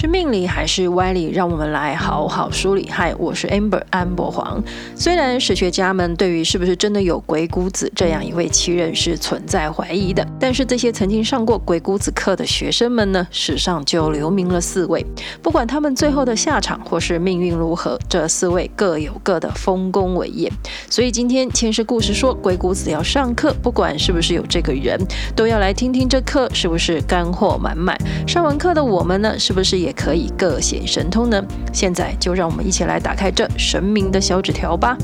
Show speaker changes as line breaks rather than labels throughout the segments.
是命理還是歪理？讓我們來好好梳理。嗨，我是 Amber 安博黃。雖然史學家們對於是不是真的有鬼谷子這樣一位奇人是存在懷疑的，但是這些曾經上過鬼谷子課的學生們呢，史上就留名了四位。不管他們最後的下場或是命運如何，這四位各有各的豐功偉業。所以今天前世故事說鬼谷子要上課，不管是不是有這個人，都要來聽聽這課是不是乾貨滿滿。上完課的我們呢，是不是也？也可以各顯神通呢。現在就讓我們一起來打開這神明的小紙條吧。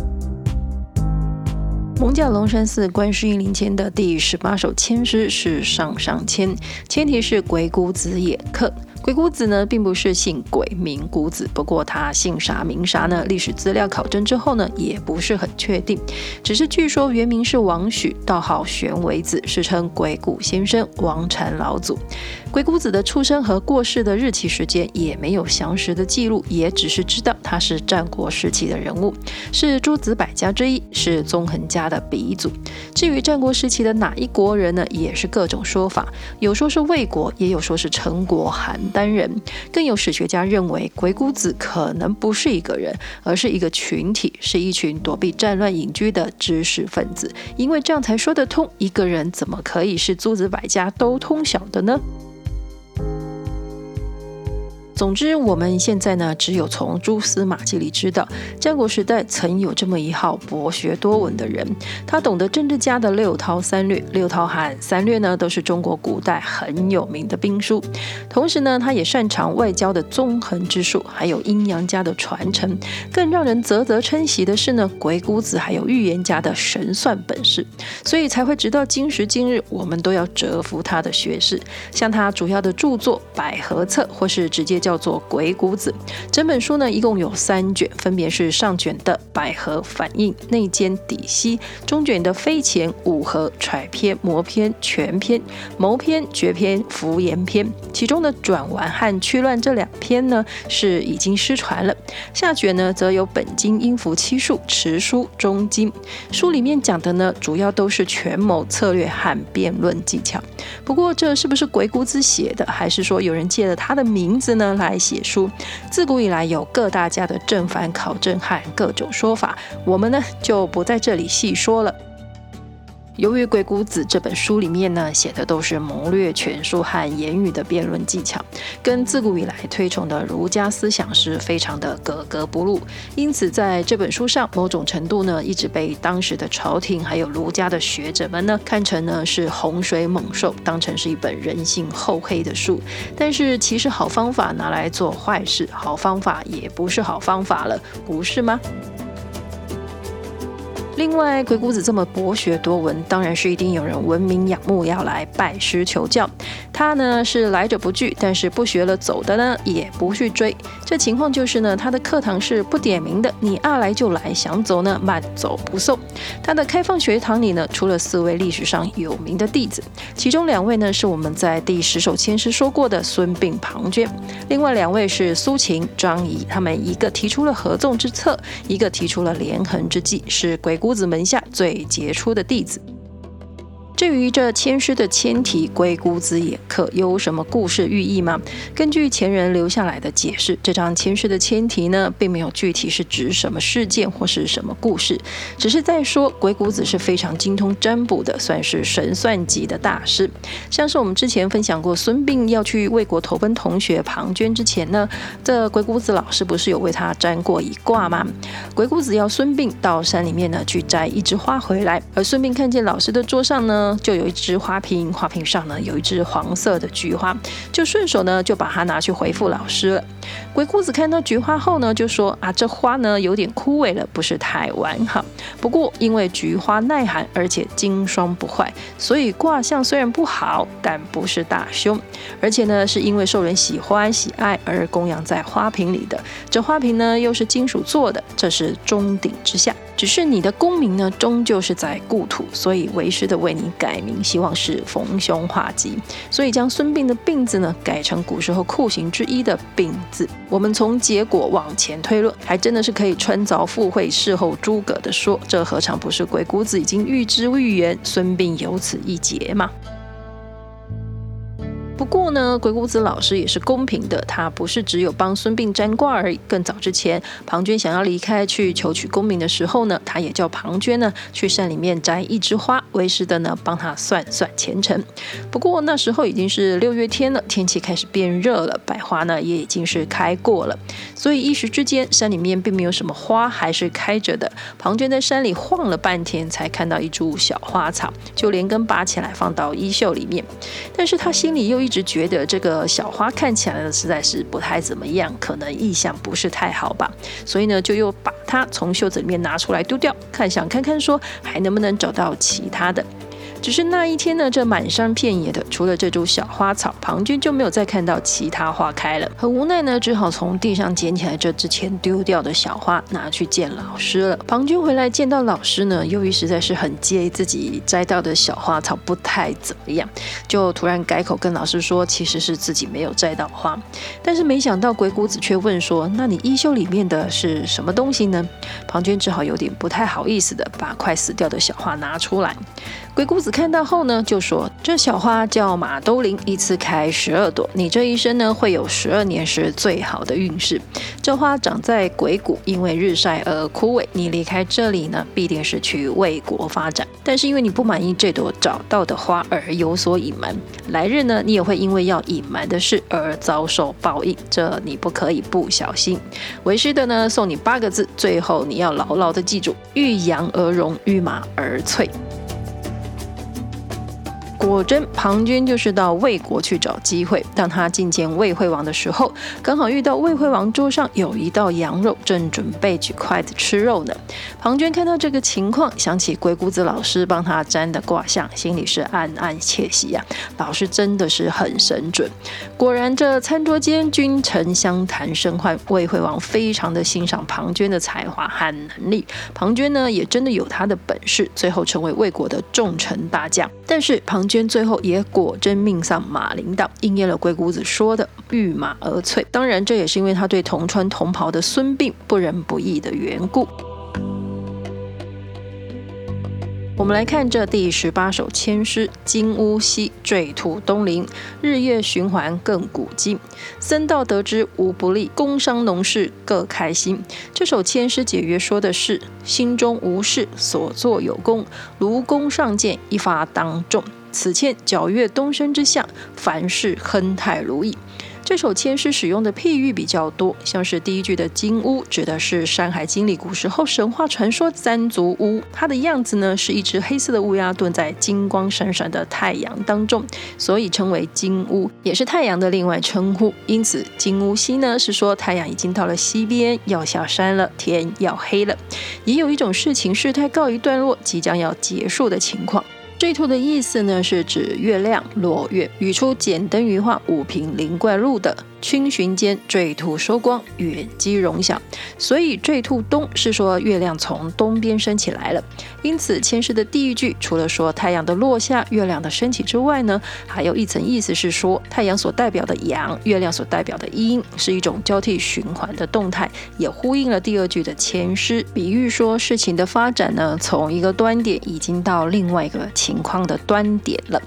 艋舺龍山寺觀世音靈籤的第十八首籤詩是上上籤，籤題是鬼谷子演課。鬼谷子呢，並不是姓鬼名谷子，不過他姓啥名啥呢？歷史資料考證之後呢，也不是很確定，只是據說原名是王詡，道號玄微子，世稱鬼谷先生、王禪老祖。鬼谷子的出生和過世的日期時間也沒有詳實的記錄，也只是知道他是戰國時期的人物，是諸子百家之一，是縱橫家的鼻祖。至於戰國時期的哪一國人呢，也是各種說法，有說是魏國，也有說是陳國、韓。單人更有史學家認為，鬼谷子可能不是一個人，而是一個群體，是一群躲避戰亂隱居的知識分子。因為這樣才說得通，一個人怎麼可以是諸子百家都通曉的呢？總之，我們現在呢，只有從蛛絲馬跡裡知道，戰國時代曾有這麼一號博學多聞的人，他懂得政治家的六韜三略，六韜和三略呢，都是中國古代很有名的兵書。同時呢，他也擅長外交的縱橫之術，還有陰陽家的傳承。更讓人嘖嘖稱奇的是呢，鬼谷子還有預言家的神算本事，所以才會直到今時今日，我們都要折服他的學識。像他主要的著作《捭闔策》，或是直接叫，叫做《鬼谷子》，整本書呢，一共有三卷，分別是上卷的捭闔反應、內揵抵巇；中卷的飛箝忤合揣篇、摩篇權篇、謀篇決篇、符言篇；其中的轉丸和胠亂這兩篇呢，是已經失傳了。下卷呢則有本經、陰符、七術、持樞、中經。書裡面講的呢，主要都是權謀策略和辯論技巧。不過這是不是鬼谷子寫的，還是說有人借了他的名字呢？來寫書，自古以來有各大家的正反考證和各種說法，我們呢就不在這裡細說了。由於《鬼谷子》這本書裡面呢寫的都是謀略、權術和言語的辯論技巧，跟自古以來推崇的儒家思想是非常的格格不入。因此，在這本書上，某種程度呢，一直被當時的朝廷還有儒家的學者們呢看成呢是洪水猛獸，當成是一本人性厚黑的書。但是，其實好方法拿來做壞事，好方法也不是好方法了，不是嗎？另外，鬼谷子這麼博學多聞，當然是一定有人聞名仰慕，要來拜師求教。他呢是來者不拒，但是不學了走的呢，也不去追。這情況就是呢，他的課堂是不點名的，你愛來就來，想走呢，慢走不送。他的開放學堂裡呢，除了四位歷史上有名的弟子，其中兩位呢是我們在第十首籤詩說過的孫臏、龐涓，另外兩位是蘇秦、張儀。他們一個提出了合縱之策，一個提出了連橫之計，是鬼谷子。子門下最傑出的弟子。至於這籤詩的籤題，鬼谷子也可有什麼故事寓意嗎？根據前人留下來的解釋，這張籤詩的籤題呢，並沒有具體是指什麼事件或是什麼故事，只是在說鬼谷子是非常精通占卜的，算是神算級的大師。像是我們之前分享過，孫臏要去魏國投奔同學龐涓之前呢，這鬼谷子老師不是有為他占過一卦嗎？鬼谷子要孫臏到山裡面呢去摘一枝花回來，而孫臏看見老師的桌上呢，就有一隻花瓶，花瓶上呢有一隻黃色的菊花，就順手呢就把它拿去回復老師了。鬼谷子看到菊花後呢就說啊，這花呢有點枯萎了，不是太完好。不過因為菊花耐寒而且經霜不壞，所以卦象雖然不好，但不是大凶。而且呢是因為受人喜歡喜愛而供養在花瓶裡的，這花瓶呢又是金屬做的，這是中鼎之下。只是你的功名呢，終究是在故土，所以為師的為你改名，希望是逢凶化吉，所以將孫臏的臏字呢改成古時候酷刑之一的臏字。我們從結果往前推論，還真的是可以穿鑿附會事後諸葛的說，這何嘗不是鬼谷子已經預知預言孫臏有此一劫嘛。不過呢，鬼谷子老師也是公平的，他不是只有幫孫臏占卦而已。更早之前，龐涓想要離開去求取功名的時候呢，他也叫龐涓呢去山裡面摘一枝花，為師的呢幫他算算前程。不過那時候已經是六月天了，天氣開始變熱了，百花呢也已經是開過了，所以一時之間山裡面並沒有什麼花還是開着的。龐涓在山裡晃了半天，才看到一株小花草，就連根拔起來放到衣袖裡面，但是他心裡又。一直覺得這個小花看起來實在是不太怎麼樣，可能意象不是太好吧，所以呢，就又把它從袖子裡面拿出來丟掉，看想看看說還能不能找到其他的。只是那一天呢，這滿山遍野的，除了這株小花草，龐涓就沒有再看到其他花開了。很無奈呢，只好從地上撿起來這之前丟掉的小花，拿去見老師了。龐涓回來見到老師呢，由於實在是很介意自己摘到的小花草不太怎麼樣，就突然改口跟老師說，其實是自己沒有摘到花。但是沒想到鬼谷子卻問說：“那你衣袖裡面的是什麼東西呢？”龐涓只好有點不太好意思的把快死掉的小花拿出來。鬼谷子看到後呢，就說：“這小花叫馬兜鈴，一次開十二朵。你這一生呢，會有十二年是最好的運勢。這花長在鬼谷，因為日曬而枯萎。你離開這裡呢，必定是去魏國發展。但是因為你不滿意這朵找到的花而有所隱瞞，來日呢，你也會因為要隱瞞的事而遭受報應。這你不可以不小心。為師的呢，送你八個字，最後你要牢牢的記住：遇羊而榮，遇馬而瘁。”果真，龐涓就是到魏國去找機會。當他覲見魏惠王的時候，剛好遇到魏惠王桌上有一道羊肉，正準備舉筷子吃肉呢。龐涓看到這個情況，想起鬼谷子老師幫他占的卦象，心裡是暗暗竊喜呀、啊。老師真的是很神準。果然，這餐桌間君臣相談甚歡。魏惠王非常的欣賞龐涓的才華和能力，龐涓呢也真的有他的本事，最後成為魏國的重臣大將。但是龐。最後也果真命喪馬陵道，應驗了鬼谷子說的“遇馬而瘁」。當然，這也是因為他對同窗同袍的孫臏不仁不義的緣故。 我們來看這第十八首籤詩：“金烏西墜兔東臨，日夜循環亙古今。僧道得之，無不利，工商農士各開心。”這首籤詩解曰說的是：心中無事，所作有功；如弓上箭，一發當中此籤皎月東升之象，凡事亨泰如意。這首籤詩使用的譬喻比較多，像是第一句的金烏，指的是《山海經》裡古時候神話傳說三足烏。它的樣子呢，是一隻黑色的烏鴉蹲在金光閃閃的太陽當中，所以稱為金烏，也是太陽的另外稱呼。因此，金烏西呢，是說太陽已經到了西邊，要下山了，天要黑了。也有一種事情事態告一段落，即將要結束的情況。“玉兔”的意思呢，是指月亮，落月。語出“剪燈餘話·武平靈怪錄”的。逡巡間，墜兔收光，遠機榮響。所以，墜兔東是說月亮從東邊升起來了。因此，籤詩的第一句除了說太陽的落下、月亮的升起之外呢，還有一層意思是說太陽所代表的陽、月亮所代表的陰是一種交替循環的動態，也呼應了第二句的籤詩，比喻說事情的發展呢，從一個端點已經到另外一個情況的端點了。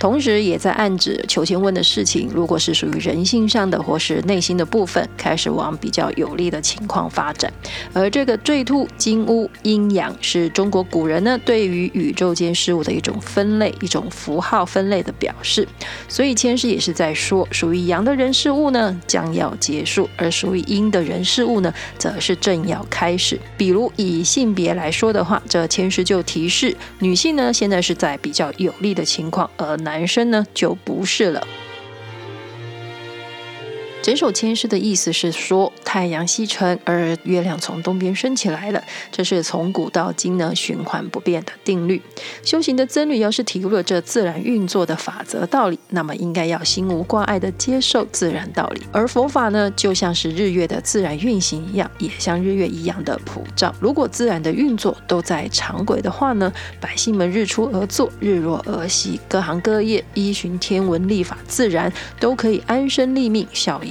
同時也在暗指求籤問的事情，如果是屬於人性上的或是內心的部分，開始往比較有利的情況發展。而這個“墜兔金烏陰陽”是中國古人呢對於宇宙間事物的一種分類，一種符號分類的表示。所以籤詩也是在說，屬於陽的人事物呢將要結束，而屬於陰的人事物呢則是正要開始。比如以性別來說的話，這籤詩就提示女性呢現在是在比較有利的情況，而男。男生呢，就不是了。整首籤詩的意思是說，太陽西沉，而月亮從東邊升起來了。這是從古到今呢循環不變的定律。修行的僧侶要是體悟了這自然運作的法則道理，那麼應該要心無掛礙的接受自然道理。而佛法呢，就像是日月的自然運行一樣，也像日月一樣的普照。如果自然的運作都在常軌的話呢，百姓們日出而作，日落而息，各行各業依循天文曆法，自然都可以安身立命，笑顏。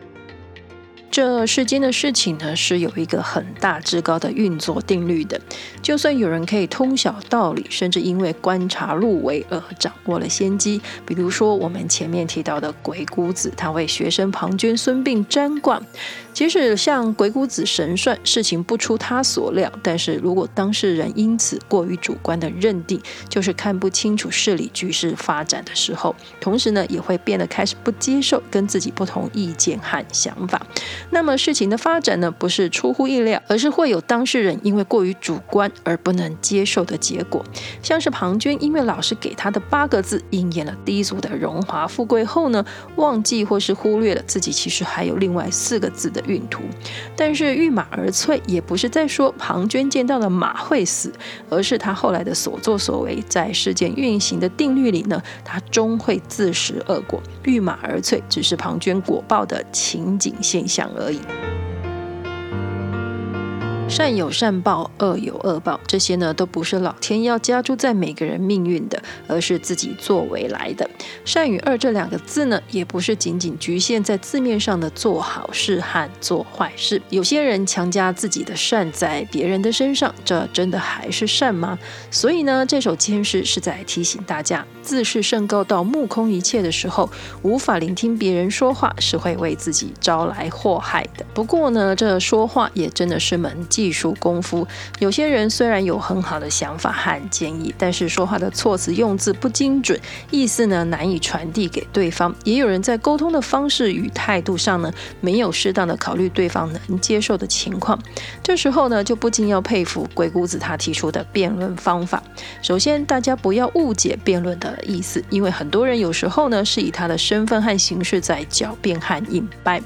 這世間的事情呢，是有一個很大至高的運作定律的。就算有人可以通曉道理，甚至因為觀察入微而掌握了先機，比如說我們前面提到的鬼谷子，他為學生龐涓、孫臏占卦。即使像鬼谷子神算，事情不出他所料，但是如果當事人因此過於主觀的認定，就是看不清楚事理局勢發展的時候，同時呢，也會變得開始不接受跟自己不同意見和想法。那麼事情的發展呢，不是出乎意料，而是會有當事人因為過於主觀而不能接受的結果。像是龐涓因為老師給他的八個字應驗了第一組的榮華富貴後呢，忘記或是忽略了自己其實還有另外四個字的運途。但是遇馬而瘁，也不是在說龐涓見到了馬會死，而是他後來的所作所為，在事件運行的定律裡呢，他終會自食惡果。遇馬而瘁，只是龐涓果報的情景現象。可以。善有善報，惡有惡報，這些呢都不是老天要加諸在每個人命運的，而是自己作為來的。善與惡這兩個字呢，也不是僅僅侷限在字面上的做好事和做壞事。有些人強加自己的善在別人的身上，這真的還是善嗎？所以呢，這首《籤詩》是在提醒大家，自視甚高到目空一切的時候，無法聆聽別人說話，是會為自己招來禍害的。不過呢，這說話也真的是門禁技術功夫，有些人雖然有很好的想法和建議，但是說話的措辭用字不精準，意思呢難以傳遞給對方。也有人在溝通的方式與態度上呢，沒有適當的考慮對方能接受的情況。這時候呢，就不禁要佩服鬼谷子他提出的辯論方法。首先，大家不要誤解辯論的意思，因為很多人有時候呢是以他的身份和形式在狡辯和硬掰。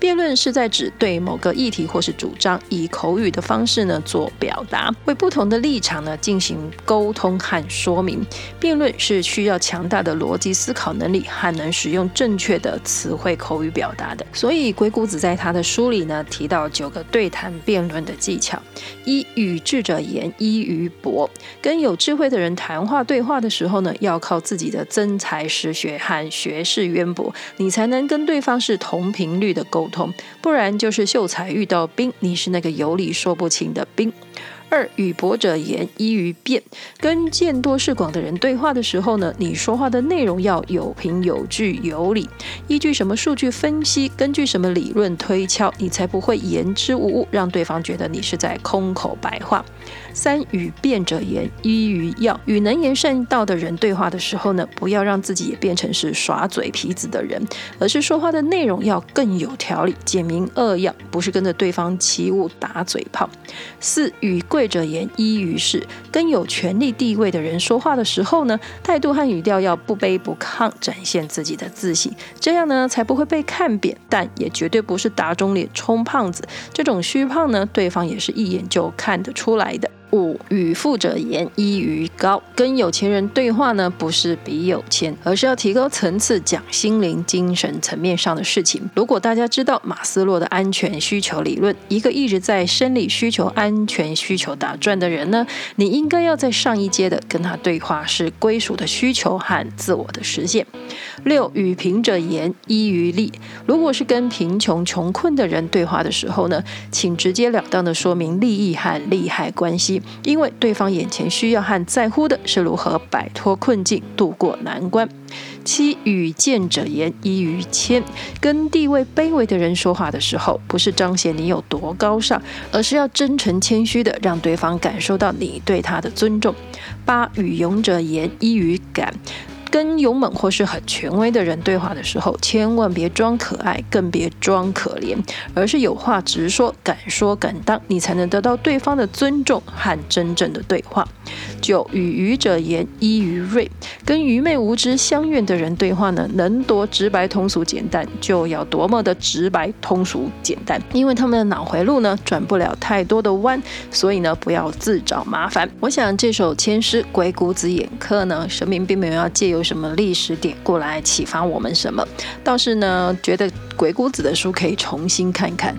辯論是在指對某個議題或是主張以口語的方式呢做表達，為不同的立場呢進行溝通和說明。辯論是需要強大的邏輯思考能力和能使用正確的詞彙口語表達的。所以，鬼谷子在他的書裡呢提到九個對談辯論的技巧：一與智者言，依於博。跟有智慧的人談話對話的時候呢，要靠自己的真才實學和學識淵博，你才能跟對方是同頻率的溝通。不同，不然就是秀才遇到兵，你是那個有理說不清的兵。二與博者言，依於辯。跟見多識廣的人對話的時候呢，你說話的內容要有憑有據有理，依據什麼數據分析，根據什麼理論推敲，你才不會言之無物，讓對方覺得你是在空口白話。三與辯者言依於要，與能言善道的人對話的時候呢，不要讓自己也變成是耍嘴皮子的人，而是說話的內容要更有條理、簡明扼要，不是跟着對方起舞打嘴炮。四與貴者言依於勢，跟有權力地位的人說話的時候呢，態度和語調要不卑不亢，展現自己的自信，這樣呢才不會被看扁，但也絕對不是打腫臉充胖子，這種虛胖呢，對方也是一眼就看得出來的。五與富者言依於高，跟有錢人對話呢，不是比有錢，而是要提高層次，講心靈、精神層面上的事情。如果大家知道馬斯洛的安全需求理論，一個一直在生理需求、安全需求打轉的人呢，你應該要在上一階的跟他對話，是歸屬的需求和自我的實現。六與貧者言依於利，如果是跟貧窮、窮困的人對話的時候呢，請直截了當的說明利益和利害關係。因為對方眼前需要和在乎的是如何擺脫困境、渡過難關。七與賤者言，依於謙。跟地位卑微的人說話的時候，不是彰顯你有多高尚，而是要真誠謙虛的讓對方感受到你對他的尊重。八與勇者言，依於敢。跟勇猛或是很權威的人對話的時候，千萬別裝可愛，更別裝可憐，而是有話直說，敢說敢當，你才能得到對方的尊重和真正的對話。就與愚者言，依於銳，跟愚昧無知、鄉願的人對話呢，能多直白、通俗、簡單，就要多麼的直白、通俗、簡單，因為他們的腦回路呢轉不了太多的彎，所以呢不要自找麻煩。我想這首籤詩《鬼谷子演課》呢，神明並沒有要借由。有什麼歷史典故來啟發我們什麼？倒是呢，覺得鬼谷子的書可以重新看看。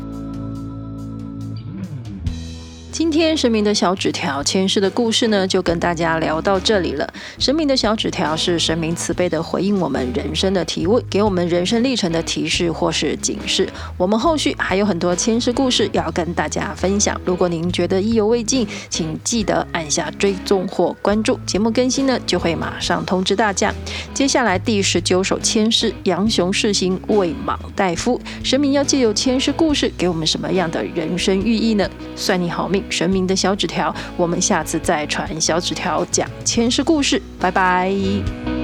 今天神明的小紙條，籤詩的故事呢，就跟大家聊到這裡了。神明的小紙條是神明慈悲的回應我們人生的提問，給我們人生歷程的提示或是警示。我們後續還有很多籤詩故事要跟大家分享。如果您覺得意猶未盡，請記得按下追蹤或關注，節目更新呢，就會馬上通知大家。接下來第十九首籤詩，楊雄世行為莽大夫，神明要借由籤詩故事給我們什麼樣的人生寓意呢？算你好命。神明的小紙條，我們下次再傳小紙條講籤詩故事，拜拜。